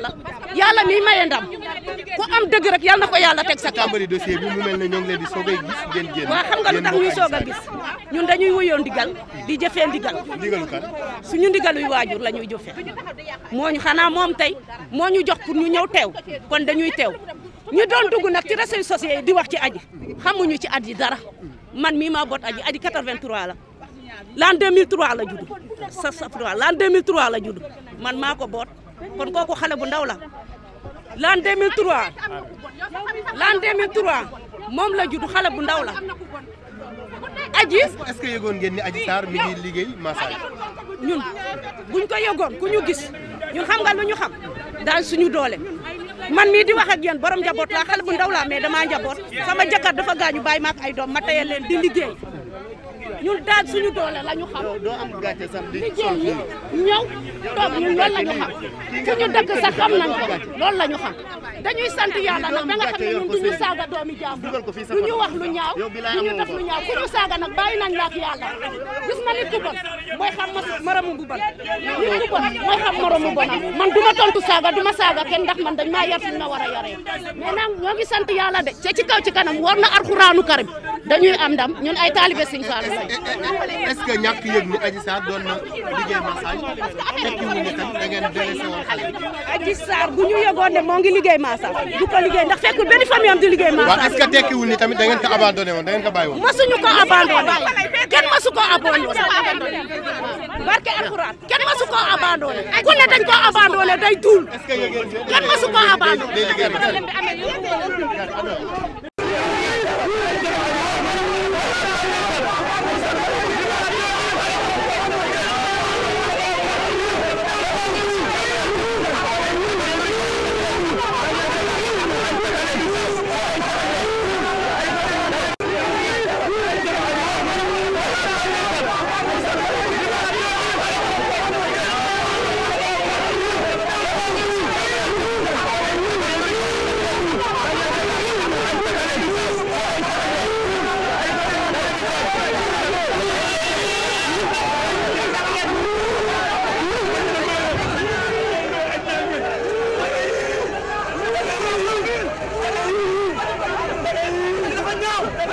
yàlla yàlla miy maye ndam ku am dëgg rek yàlla na ko yàlla teg sa kaw. tàmbali dossier bi mu mel ne ñoo ngi di soog a gis ngeen génn. waaw xam nga lu tax ñuy soog a gis ñun dañuy wuyoo ndigal di jëfee ndigal. ndigalu kan suñu ndigaluy waajur la ñuy jëfee moo ñu xanaa moom tey moo ñu jox pour ñu ñëw teew kon dañuy teew ñu doon dugg nag ci réseaux sociaux yi di wax ci aji xamuñu ci at yi dara man mii maa bot aji aji 83 la. l'an 2003 la judd sa sa 3 l'an 2003 la judd man maa ko boot kon kooku xale bu ndaw la l'an 2003 l'an 2003 moom la judd xale bu ndaw la aji est-ce que yëgoon ngeen ni aji Sarr mi ngi liggéey massage ñun buñ ko yëgoon ku ñu gis ñun xam nga lu ñu xam daal suñu doole man mii di wax ak yéen borom njaboot laa xale bu ndaw laa mais damaa njaboot sama jëkkër dafa gaañu baay maak ay doom ma tayal leen di liggéey ñun daal suñu doole la ñu xam liggéey yi ñëw toog ñun loolu la ñu xam fu ñu dëkk sax xam nañ ko loolu la ñu xam dañuy sant yàlla nag ba nga xam ne ñun du ñu saaga doomi jàmbur du ñu wax lu ñaaw du ñu def lu ñaaw ku ñu saaga nag bàyyi nañ la ak yàlla gis ma nit ku bon mooy xam moromu bu bon nit ku bon mooy man du ma tontu saaga du ma saaga kenn ndax man dañ maa yar fi ma war a yaree mais nag ñoo ngi sant yàlla de ca ci kaw ci kanam war na alxuraanu karim dañuy am ndam ñun ay taalibe est-ce que ñàkk yëg ni Adji Sarr doon na liggéey massage tekki wu ñu tam da ñu yëgoon moo ngi liggéey massage du ko liggéey ndax fekkul benn famille di liggéey massage. waaw est-ce que ni tamit da ngeen ko abandonné woon da ngeen ko bàyyi kenn masu ko abandonné barke alxuraan kenn masu ko abandonné ku ne ko abandonné day duul kenn masu ko abandonné.